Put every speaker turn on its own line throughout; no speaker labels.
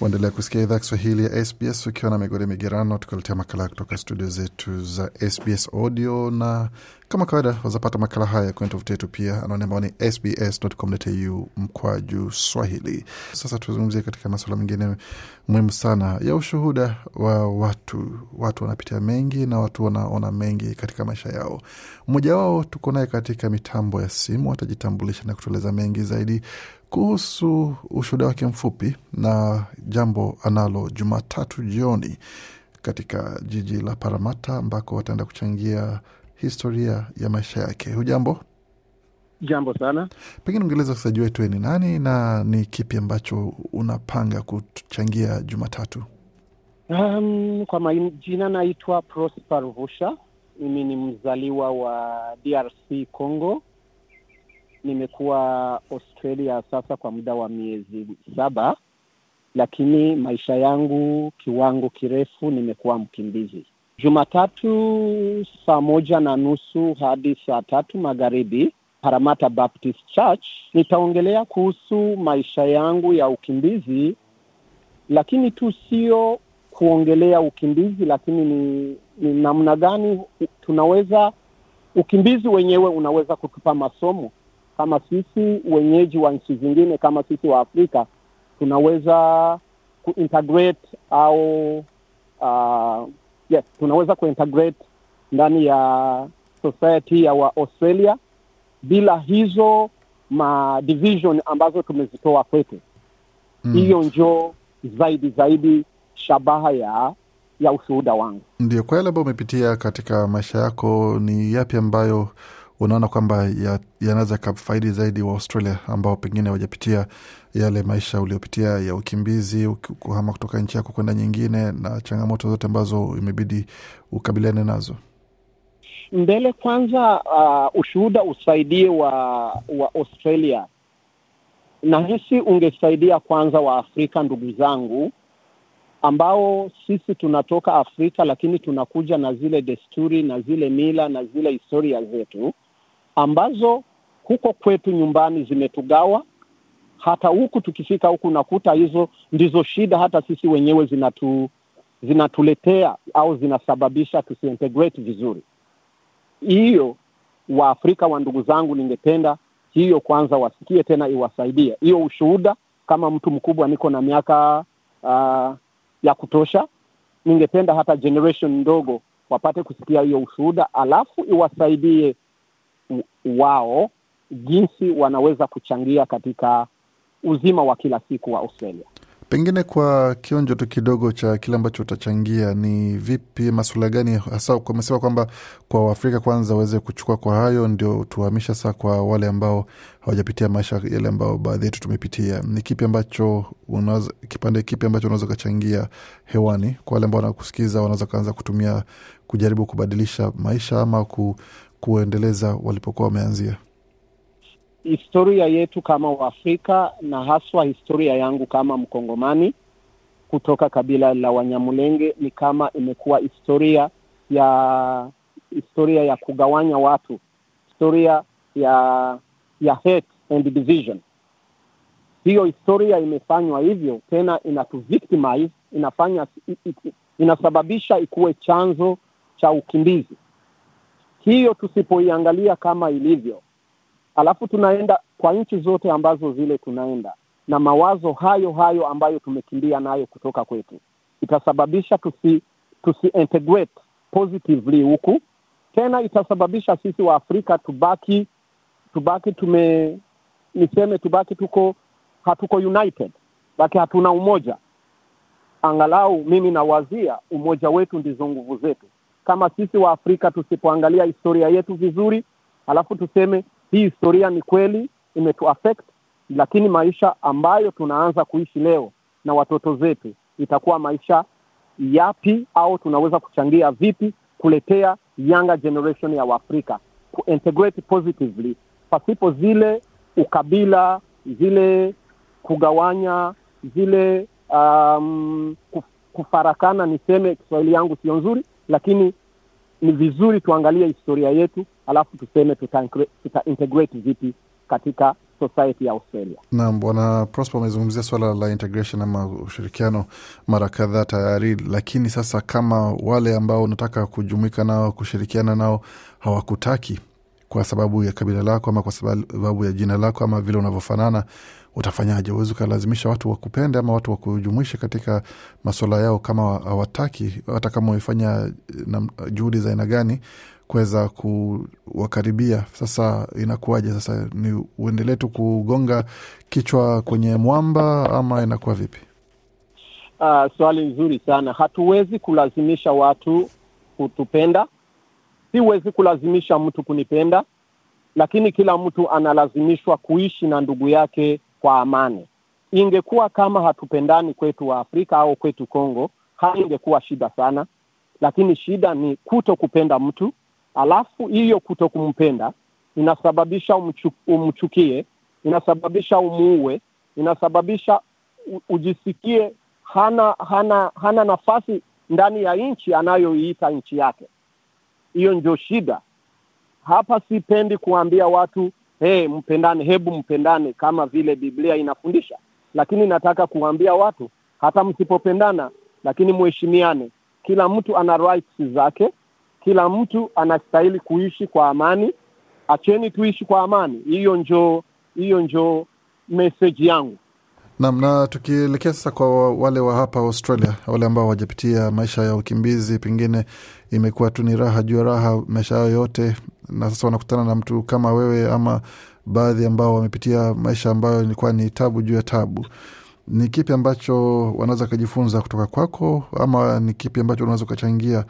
Waendelea kusikia idhaa Kiswahili ya SBS ukiwa na migodi migerano, tukuletea makala kutoka studio zetu za SBS Audio, na kama kawaida wazapata makala haya kwenye tovuti yetu pia, anaone ambao ni sbs.com.au mkwaju swahili. Sasa tuzungumzie katika masuala mengine muhimu sana ya ushuhuda wa watu. Watu wanapitia mengi na watu wanaona mengi katika maisha yao. Mmoja wao tuko naye katika mitambo ya simu, atajitambulisha na kutueleza mengi zaidi kuhusu ushuhuda wake mfupi na jambo analo Jumatatu jioni katika jiji la Paramata ambako wataenda kuchangia historia ya maisha yake. Hujambo? Jambo sana. Pengine ungeeleza wasikilizaji wetu ni nani na ni kipi ambacho unapanga kuchangia Jumatatu?
Um, kwa majina naitwa Prosper Vusha. Mimi ni mzaliwa wa DRC Congo nimekuwa Australia sasa kwa muda wa miezi saba, lakini maisha yangu kiwango kirefu nimekuwa mkimbizi. Jumatatu saa moja na nusu hadi saa tatu magharibi Paramata Baptist Church nitaongelea kuhusu maisha yangu ya ukimbizi, lakini tu sio kuongelea ukimbizi, lakini ni, ni namna gani tunaweza ukimbizi wenyewe unaweza kutupa masomo kama sisi wenyeji wa nchi zingine kama sisi wa Afrika tunaweza kuintegrate au uh, yes, tunaweza kuintegrate ndani ya society ya wa Australia bila hizo ma division ambazo tumezitoa kwetu mm. Hiyo njo zaidi zaidi shabaha ya ya ushuhuda wangu.
Ndio, kwa yale ambayo umepitia katika maisha yako, ni yapi ambayo unaona kwamba yanaweza ya kafaidi zaidi wa Australia ambao pengine wajapitia yale maisha uliopitia ya ukimbizi, kuhama kutoka nchi yako kwenda nyingine, na changamoto zote ambazo imebidi ukabiliane nazo
mbele. Kwanza uh, ushuhuda usaidie wa, wa Australia nahisi ungesaidia kwanza wa Afrika, ndugu zangu ambao sisi tunatoka Afrika lakini tunakuja na zile desturi na zile mila na zile historia zetu ambazo huko kwetu nyumbani zimetugawa. Hata huku tukifika huku nakuta hizo ndizo shida hata sisi wenyewe zinatu, zinatuletea au zinasababisha tusiintegrate vizuri. Hiyo Waafrika wa ndugu zangu, ningependa hiyo kwanza wasikie tena iwasaidie. Hiyo ushuhuda kama mtu mkubwa, niko na miaka uh, ya kutosha. Ningependa hata generation ndogo wapate kusikia hiyo ushuhuda, alafu iwasaidie wao jinsi wanaweza kuchangia katika uzima wa kila siku wa Australia.
Pengine kwa kionjo tu kidogo cha kile ambacho utachangia, ni vipi, masuala gani hasa? Umesema kwamba kwa Waafrika kwanza waweze kuchukua kwa hayo, ndio tuhamisha sasa kwa wale ambao hawajapitia maisha yale ambao baadhi yetu tumepitia. Ni kipi ambacho unaweza, kipande kipi ambacho unaweza ukachangia hewani kwa wale ambao wanakusikiza, wanaweza kaanza kutumia kujaribu kubadilisha maisha ama ku kuendeleza walipokuwa wameanzia?
Historia yetu kama Waafrika na haswa historia yangu kama Mkongomani kutoka kabila la Wanyamulenge ni kama imekuwa historia ya historia ya kugawanya watu, historia ya ya hate and division. Hiyo historia imefanywa hivyo, tena inatuvictimize, inafanya, inasababisha ikuwe chanzo cha ukimbizi hiyo tusipoiangalia kama ilivyo, alafu tunaenda kwa nchi zote ambazo zile tunaenda na mawazo hayo hayo ambayo tumekimbia nayo kutoka kwetu, itasababisha tusi, tusi integrate positively huku tena, itasababisha sisi wa Afrika tubaki tubaki tume niseme tubaki tuko hatuko united, baki hatuna umoja. Angalau mimi nawazia umoja wetu ndizo nguvu zetu kama sisi wa Afrika tusipoangalia historia yetu vizuri, alafu tuseme hii historia ni kweli imetuaffect, lakini maisha ambayo tunaanza kuishi leo na watoto zetu itakuwa maisha yapi, au tunaweza kuchangia vipi kuletea younger generation ya Waafrika integrate positively pasipo zile ukabila, zile kugawanya, zile um, kufarakana, niseme Kiswahili yangu sio nzuri lakini ni vizuri tuangalie historia yetu alafu tuseme tutaintegrate tuta vipi katika society ya Australia.
Naam, Bwana prosp amezungumzia swala la integration ama ushirikiano mara kadhaa tayari, lakini sasa kama wale ambao unataka kujumuika nao kushirikiana nao hawakutaki kwa sababu ya kabila lako ama kwa sababu ya jina lako ama vile unavyofanana, utafanyaje? Uwezi ukalazimisha watu wakupende ama watu wakujumuishe katika maswala yao kama hawataki, hata kama wamefanya eh, juhudi za aina gani kuweza kuwakaribia. Sasa inakuwaje? Sasa ni uendelee tu kugonga kichwa kwenye mwamba ama inakuwa vipi?
Uh, swali nzuri sana. Hatuwezi kulazimisha watu kutupenda, siwezi kulazimisha mtu kunipenda, lakini kila mtu analazimishwa kuishi na ndugu yake kwa amani. Ingekuwa kama hatupendani kwetu wa Afrika au kwetu Kongo, hali ingekuwa shida sana, lakini shida ni kuto kupenda mtu, alafu hiyo kuto kumpenda inasababisha umchuk, umchukie, inasababisha umuue, inasababisha u, ujisikie hana hana hana nafasi ndani ya nchi anayoiita nchi yake. Hiyo ndio shida hapa. Sipendi kuambia watu hey, mpendane, hebu mpendane kama vile Biblia inafundisha. Lakini nataka kuwambia watu hata msipopendana, lakini mheshimiane. Kila mtu ana rights zake, kila mtu anastahili kuishi kwa amani. Acheni tuishi kwa amani, hiyo njoo hiyo njoo meseji yangu.
nam na tukielekea sasa kwa wale wa hapa Australia, wale ambao wajapitia maisha ya ukimbizi, pengine imekuwa tu ni raha juu ya raha maisha yao yote, na sasa wanakutana na mtu kama wewe ama baadhi ambao wamepitia maisha ambayo ilikuwa ni tabu juu ya tabu. Ni kipi ambacho wanaweza kajifunza kutoka kwako, ama ni kipi ambacho unaweza ukachangia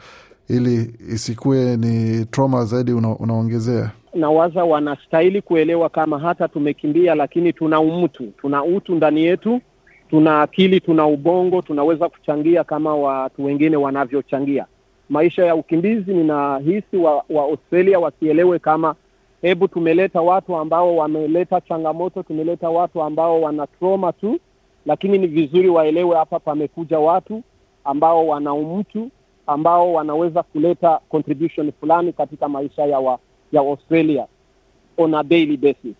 ili isikue ni troma zaidi una, unaongezea?
Nawaza wanastahili kuelewa kama hata tumekimbia, lakini tuna umtu, tuna utu ndani yetu, tuna akili, tuna ubongo, tunaweza kuchangia kama watu wengine wanavyochangia maisha ya ukimbizi. Ninahisi wa, wa Australia wasielewe kama hebu tumeleta watu ambao wameleta changamoto, tumeleta watu ambao wana trauma tu, lakini ni vizuri waelewe hapa pamekuja watu ambao wana umtu ambao wanaweza kuleta contribution fulani katika maisha ya, wa, ya Australia on a daily basis.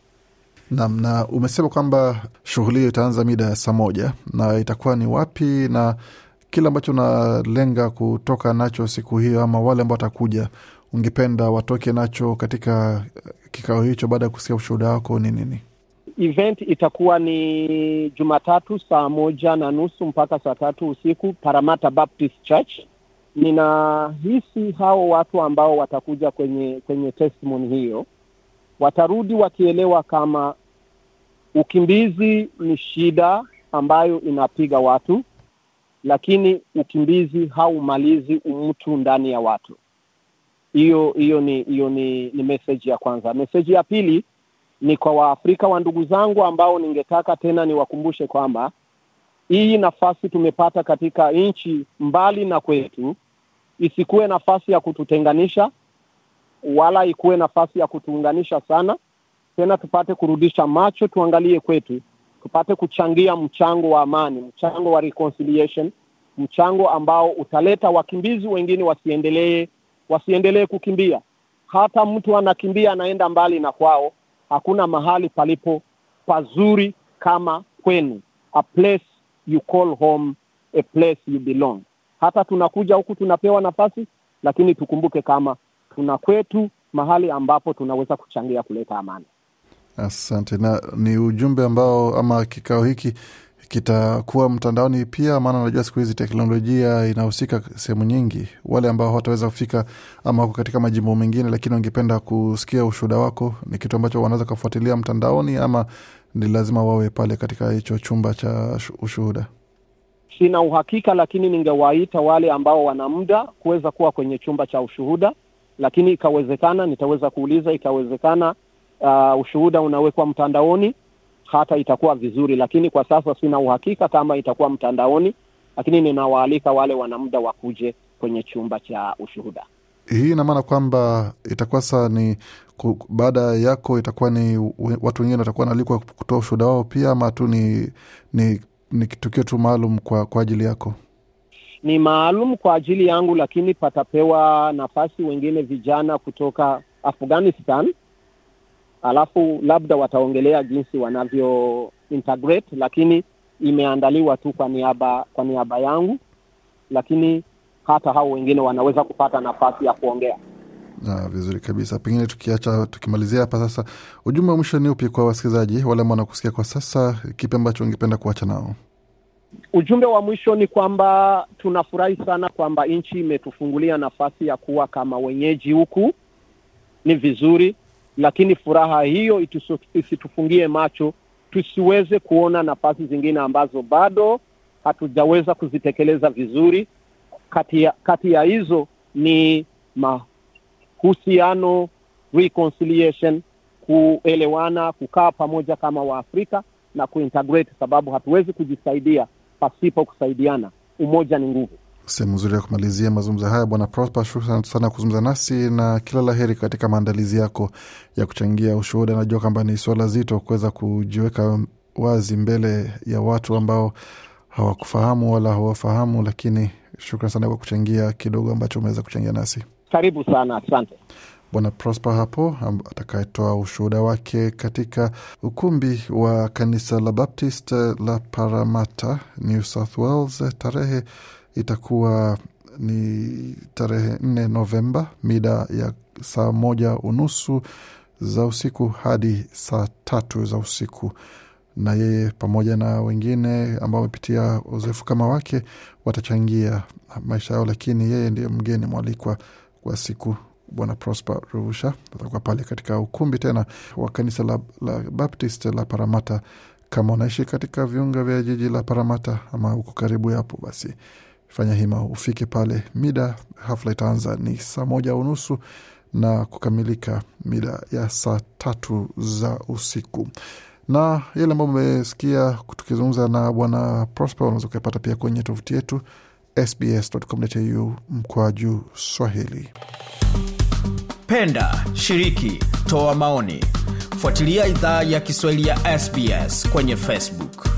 Naam, na umesema kwamba shughuli hiyo itaanza mida ya saa moja na itakuwa ni wapi na kile ambacho unalenga kutoka nacho siku hiyo, ama wale ambao watakuja, ungependa watoke nacho katika eh, kikao hicho baada ya kusikia ushuhuda wako ni nini?
Event itakuwa ni Jumatatu saa moja na nusu mpaka saa tatu usiku Paramata Baptist Church. Ninahisi hao watu ambao watakuja kwenye kwenye testimony hiyo watarudi wakielewa kama ukimbizi ni shida ambayo inapiga watu lakini ukimbizi haumalizi umtu ndani ya watu. Hiyo hiyo ni hiyo ni, ni meseji ya kwanza. Meseji ya pili ni kwa Waafrika wa ndugu zangu ambao ningetaka tena niwakumbushe kwamba hii nafasi tumepata katika nchi mbali na kwetu isikuwe nafasi ya kututenganisha wala ikuwe nafasi ya kutuunganisha sana, tena tupate kurudisha macho tuangalie kwetu tupate kuchangia mchango wa amani, mchango wa reconciliation, mchango ambao utaleta wakimbizi wengine wasiendelee wasiendelee kukimbia. Hata mtu anakimbia anaenda mbali na kwao, hakuna mahali palipo pazuri kama kwenu, a place you call home, a place you belong. Hata tunakuja huku tunapewa nafasi, lakini tukumbuke kama tuna kwetu mahali ambapo tunaweza kuchangia kuleta amani.
Asante. Na ni ujumbe ambao ama kikao hiki kitakuwa mtandaoni pia, maana unajua siku hizi teknolojia inahusika sehemu nyingi. Wale ambao hawataweza kufika ama wako katika majimbo mengine, lakini wangependa kusikia ushuhuda wako, ni kitu ambacho wanaweza kufuatilia mtandaoni ama ni lazima wawe pale katika hicho chumba cha ushuhuda?
Sina uhakika, lakini ningewaita wale ambao wana muda kuweza kuwa kwenye chumba cha ushuhuda, lakini ikawezekana, nitaweza kuuliza, ikawezekana uh, ushuhuda unawekwa mtandaoni, hata itakuwa vizuri, lakini kwa sasa sina uhakika kama itakuwa mtandaoni, lakini ninawaalika wale wana muda wakuje kwenye chumba cha ushuhuda.
Hii ina maana kwamba itakuwa saa ni baada yako, itakuwa ni watu wengine watakuwa naalikwa kutoa ushuhuda wao pia, ama tu ni, ni, ni tukio tu maalum kwa, kwa ajili yako?
Ni maalum kwa ajili yangu, lakini patapewa nafasi wengine vijana kutoka Afghanistan alafu labda wataongelea jinsi wanavyo integrate, lakini imeandaliwa tu kwa niaba kwa niaba yangu, lakini hata hao wengine wanaweza kupata nafasi ya kuongea.
Na vizuri kabisa. Pengine tukiacha tukimalizia hapa sasa, ujumbe wa mwisho ni upi kwa wasikilizaji wale ambao wanakusikia kwa sasa, kipi ambacho ungependa kuacha nao?
Ujumbe wa mwisho ni kwamba tunafurahi sana kwamba nchi imetufungulia nafasi ya kuwa kama wenyeji huku, ni vizuri lakini furaha hiyo isitufungie macho, tusiweze kuona nafasi zingine ambazo bado hatujaweza kuzitekeleza vizuri. Kati ya, kati ya hizo ni mahusiano, reconciliation, kuelewana, kukaa pamoja kama Waafrika na kuintegrate, sababu hatuwezi kujisaidia pasipo kusaidiana.
Umoja ni nguvu. Sehemu nzuri ya kumalizia mazungumzo haya, Bwana Prosper, shukran sana kuzungumza nasi na kila la heri katika maandalizi yako ya kuchangia ushuhuda. Najua kwamba ni suala zito kuweza kujiweka wazi mbele ya watu ambao hawakufahamu wala hawafahamu, lakini shukran sana kwa kuchangia kidogo ambacho umeweza kuchangia nasi.
Karibu sana, asante.
Bwana Prosper hapo atakayetoa ushuhuda wake katika ukumbi wa kanisa la Baptist la Paramata, New South Wales, tarehe itakuwa ni tarehe nne Novemba mida ya saa moja unusu za usiku hadi saa tatu za usiku na yeye pamoja na wengine ambao wamepitia uzoefu kama wake watachangia maisha yao, lakini yeye ndiye mgeni mwalikwa kwa siku. Bwana Prosper Rusha atakuwa pale katika ukumbi tena wa kanisa la, la Baptist la Paramata. Kama unaishi katika viunga vya jiji la Paramata ama uko karibu yapo, basi fanya hima ufike pale mida hafla itaanza ni saa moja unusu na kukamilika mida ya saa tatu za usiku na yale ambayo mmesikia tukizungumza na bwana Prosper unaweza ukaipata pia kwenye tovuti yetu sbscu mkoa juu swahili
penda shiriki toa maoni fuatilia idhaa ya kiswahili ya sbs kwenye facebook